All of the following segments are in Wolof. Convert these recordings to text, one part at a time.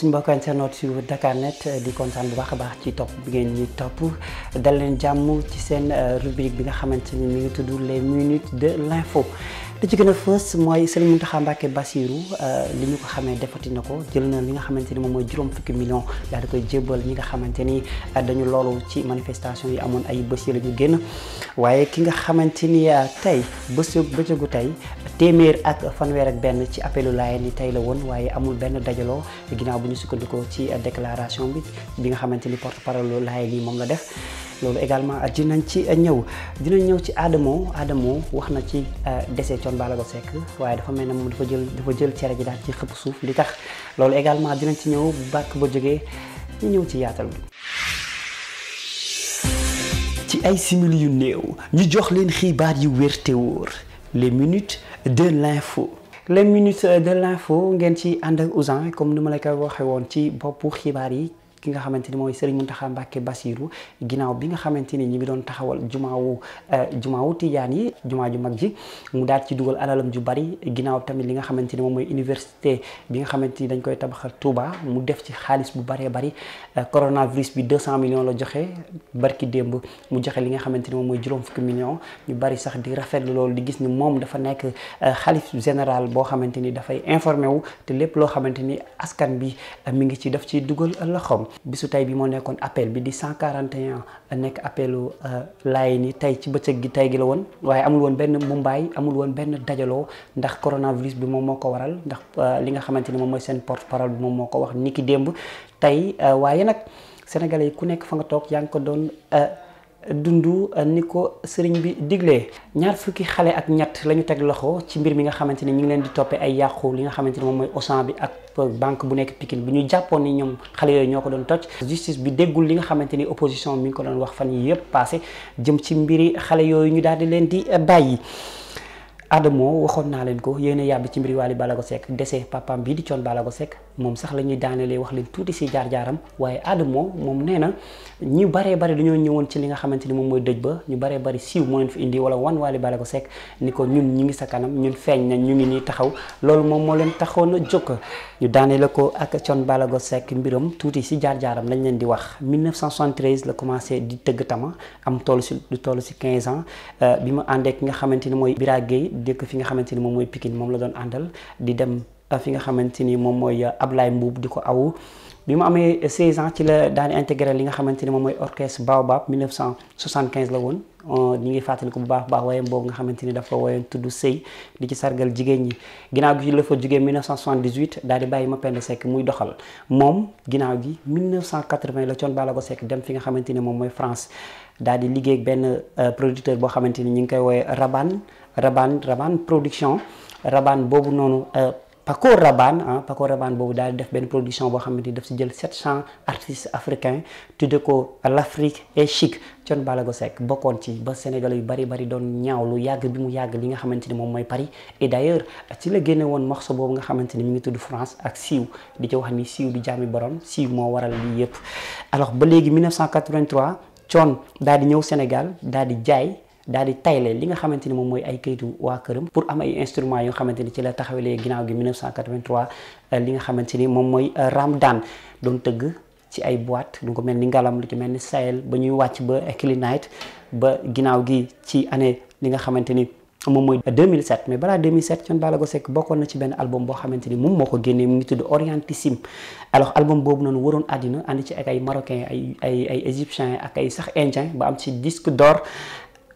suñu mbokk internet su Dakar Net eh, di kontaan bu baax a baax ci topp bi ngeen ñi topp dal leen jàmm ci seen eh, rubrique bi nga xamante ni mi ngi tudd les minutes de l' li ci gën a fës mooy Serigne Mountakha Mbacké Bassirou euh, li ñu ko xamee defati na ko jël na li nga xamante ni moom mooy juróom fukki million daal di koy jébbal ñi nga xamante ni euh, dañu loolu ci manifestation yi amoon ay bés la ñu génn waaye ki nga xamante ni euh, tey bësu bëccëgu tey téeméer ak fanweer ak benn ci appelu laayeen yi tey la woon waaye amul benn dajaloo ginnaaw bu ñu sukkandikoo ci déclaration bi bi nga xamante ni porte parole laayeen yi moom la def loolu également dinañ ci ñëw dinañ ñëw ci Adamo Adamo wax na ci euh, décès Thione ba sekk waaye dafa mel ne moom dafa jël dafa jël cere ji daal ci xëpp suuf li tax loolu également dinañ ci ñëw bàkk ba jóge ñu ñëw ci yaatal bi ci ay simili yu néew ñu jox leen xibaar yu wér te wóor les minutes de l'info les minutes de l'info ngeen ci ànd ak Ousin comme ni ma la koy waxee woon ci boppu xibaar yi ki nga xamante ni mooy Serigne Mountakha Mbacké Bassirou ginnaaw bi nga xamante ni ñi ngi doon taxawal jumaawu eh, jumaawu tijaan yi jumaa ju mag ji mu daal ci dugal alalam ju bari ginnaaw tamit li nga xamante ni moom mooy université bi nga xamante ni dañ koy tabaxal Touba mu def ci xaalis bu baree bari eh, coronavirus bi 200 millions la joxe barki démb mu joxe li nga xamante ni moom mooy juróom fukki millions ñu bari sax di rafetlu loolu di gis ni moom dafa nekk eh, xalif général boo xamante ni dafay informé wu te lépp loo xamante ni askan bi mi ngi ci def ci dugal loxoom bisu tey bi moo nekkoon appel bi di 141 nekk appelu euh, laay ni tey ci bëccëg gi tey gi la woon waaye amul woon benn mumbaay amul woon benn dajaloo ndax coronavirus bi moom moo ko waral ndax euh, li nga xamante ni moom mooy seen porte parole bi moom moo ko wax niki démb tey euh, waaye nag sénégalais yi ku nekk fa nga toog yaa ngi ko doon dundu eh, ni ko sëriñ bi diglee ñaar fukki xale ak ñett lañu teg loxo ci mbir mi nga xamante ni ñu ngi leen di toppee ay yàqu li nga xamante ni moom mooy Auchan bi ak eh, banque bu nekk Pikine bi ñu jàppoon ni ñoom xale yooyu ñoo ko doon toj justice bi déggul li nga xamante ni opposition mi ngi ko doon wax fan yi yëpp passé jëm ci mbiri xale yooyu ñu daal di leen di eh, bàyyi moo waxoon naa leen ko yéen a yàbbi ci mbiri Wally Ballago Seck dese papaam bii di Thione Ballago Seck moom sax la ñuy daanelee wax leen tuuti si jaar-jaaram waaye Adamo moom nee na ñu baree bari dañoo ñëwoon ci li nga xamante ni moom mooy dëj ba ñu baree bari siiw moo leen fi indi wala wan Wally Ballago ko ñun ñu ngi sa kanam ñun feeñ na ñu ngi nii taxaw loolu moom moo leen taxoon a jóg ñu daaneele ko ak Thione Ballago Seck mbiram tuuti si jaar-jaaram lañ leen di wax 1973 la commencé di tëgg tama am toll si toll si 15 ans euh, bi mu àndee ki nga xamante ni mooy Bira Gueye dékk fi nga xamante ni moom mooy Pikine moom la doon àndal di dem fi nga xamante ni moom mooy Ablaye Mbuub di ko aw bi mu amee 16 ans ci la daal di intégré li nga xamante ni moom mooy orchestre Baobab 1975 la woon euh, ñu ngi fàttali ko bu baax baax woyam boobu nga xamante ni dafa woyoon tudd sëy di ci sargal jigéen ñi ginnaaw gi la fa jugee 1978 daal di bàyyi Mapenda muy doxal moom ginnaaw gi 1980 la Thione Ballago dem fi nga xamante moom mooy France daal liggéey benn euh, producteur boo xamante ñu ngi koy woowee Raban Raban Raban production Raban boobu noonu euh, Paco Rabanne ah Paco Rabanne boobu daal def benn production boo xamante ni daf si jël 700 artistes africains tudde ko l'Afrique est chic Thione Ballago Seck bokkoon ci ba Sénégal yu bari bari doon ñaaw lu yàgg bi mu yàgg li nga xamante ni moom mooy Paris et d'ailleurs ci la génne woon morceau boobu nga xamante ni mi ngi tudd France ak siiw di ci wax ni siiw du jaami borom siiw moo waral lii yëpp alors ba léegi 1983 Thione daal di ñëw Sénégal dal di jaay. daal di tayle li nga xamante ni moom mooy ay kayitu waa këram pour am ay instruments yoo ni ci la taxawalee ginnaaw gi 1983 euh, li nga xamante ni moom mooy euh, Ramdan doon tëgg ci ay boîte lu ko mel ni ngalam lu ci mel ni Sahel ba ñuy wàcc ba Ekili ba ginnaaw gi ci année li nga xamante ni moom mooy mais balaa 2007 Thione Ballago Seck bokkoon na ci benn album boo xamante ni moom moo ko génnee mu ngi tudd Orientissime alors album boobu noonu waroon àddina and ci ak ay marocain ay égyptien ak ay sax indien ba am ci disque d'or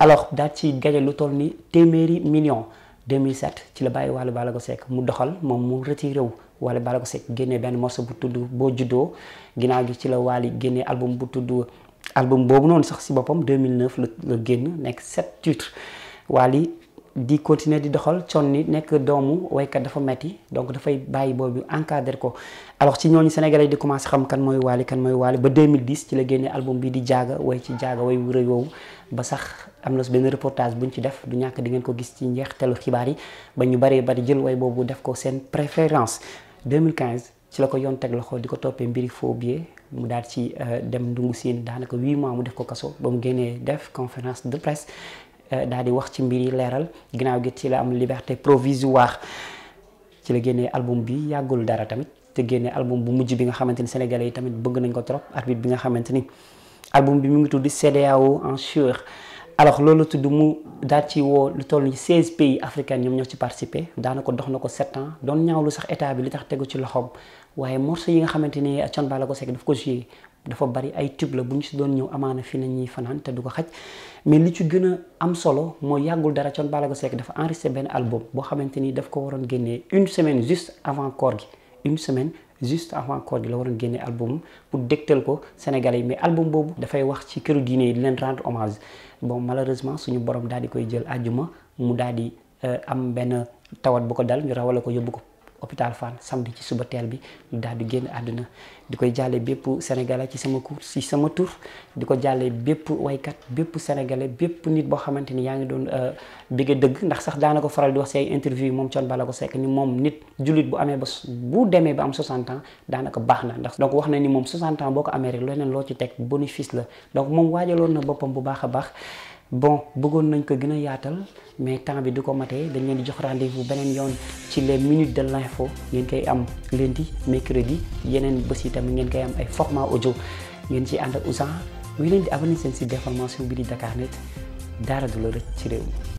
alors daal ci gañe lu toll ni téeméeri million 2007 ci la bàyyi Wally Ballago Seck mu doxal moom mu retiré wu Wally Ballago sekk génnee benn morso bu tudd boo juddoo ginnaaw gi ci la Wally génne album bu tudd album boobu noonu sax si boppam 2009 la la génn nekk sept titres Wally di continuer di doxal con ni nekk doomu waykat dafa metti donc dafay bàyyi boobu encadré ko alors ci ñooñu Sénégalais di commencé xam kan mooy Wally kan mooy Wally ba 2010 ci la génnee album bi di jaaga way ci jaaga way wu rëy ba sax am na su benn reportage ñu ci def du ñàkk di ngeen ko gis ci njeextalu xibaar yi ba ñu bëree bari jël way boobu def ko seen préférence 2015 ci la ko yoon teg loxo di ko toppee mbiri faux biais mu daal ci euh, dem ndungu siin daanaka 8 mois mu def ko kaso ba mu génnee def conférence de Euh, daal di wax ci mbir yi leeral ginnaaw gi ci la am liberté provisoire ci la génnee album bi yàggul dara tamit te génne album bu mujj bi nga xamante ni sénégalais yi tamit bëgg nañ ko trop arbitre bi nga xamante ni album bi mu ngi tudd CEDEAO en sueur alors loolu tudd mu daal ci woo lu toll ni 16 pays africains ñoom ñoo ci participé daanaka dox na ko 7 ans doon ñaawlu sax état bi li tax tegu ci loxoom waaye morceau yi nga xamante ni Thione ko joué dafa bari ay tube la bu ñu si doon ñëw amaana fi na ñuy fanaan te du ko xaj mais li ci gën a am solo moo yàggul dara Thione Ballago Seck dafa enregistré benn album boo xamante ni daf ko waroon génnee semaine juste avant koor gi une semaine juste avant koor la waroon génnee album pour dégtal ko Sénégalais yi mais album boobu dafay wax ci këru diine yi di leen rendre hommage bon malheureusement suñu borom daal di koy jël àjjuma mu daal di euh, am benn tawat bu ko dal ñu rawale ko yóbbu ko hôpital Fann samedi ci suba teel bi mu daal di génn àdduna di koy jàlle bépp sénégalais ci sama cour ci sama tur di ko jàlle bépp waykat bépp sénégalais bépp nit boo xamante ni yaa ngi doon euh, bëgg dëgg ndax sax daana ko faral di wax ci ay interview yi moom Thione Ballago Seck ni moom nit jullit bu amee ba bu demee ba am 60 ans daanaka baax na ndax donc wax na ni moom 60 ans boo ko amee rek leneen loo ci teg bénéfice la donc moom waajaloon a baax bon bëggoon nañ ko gën a yaatal mais temps bi du ko matee dañ leen di jox rendez-vous beneen yoon ci les minutes de l'info ngeen koy am di mercredi yeneen bés yi tamit ngeen koy am ay format audio ngeen ci ànd ak Ouzin muy leen di abonné seen site d'information bi di Dakarnet dara du la rëcc ci réew mi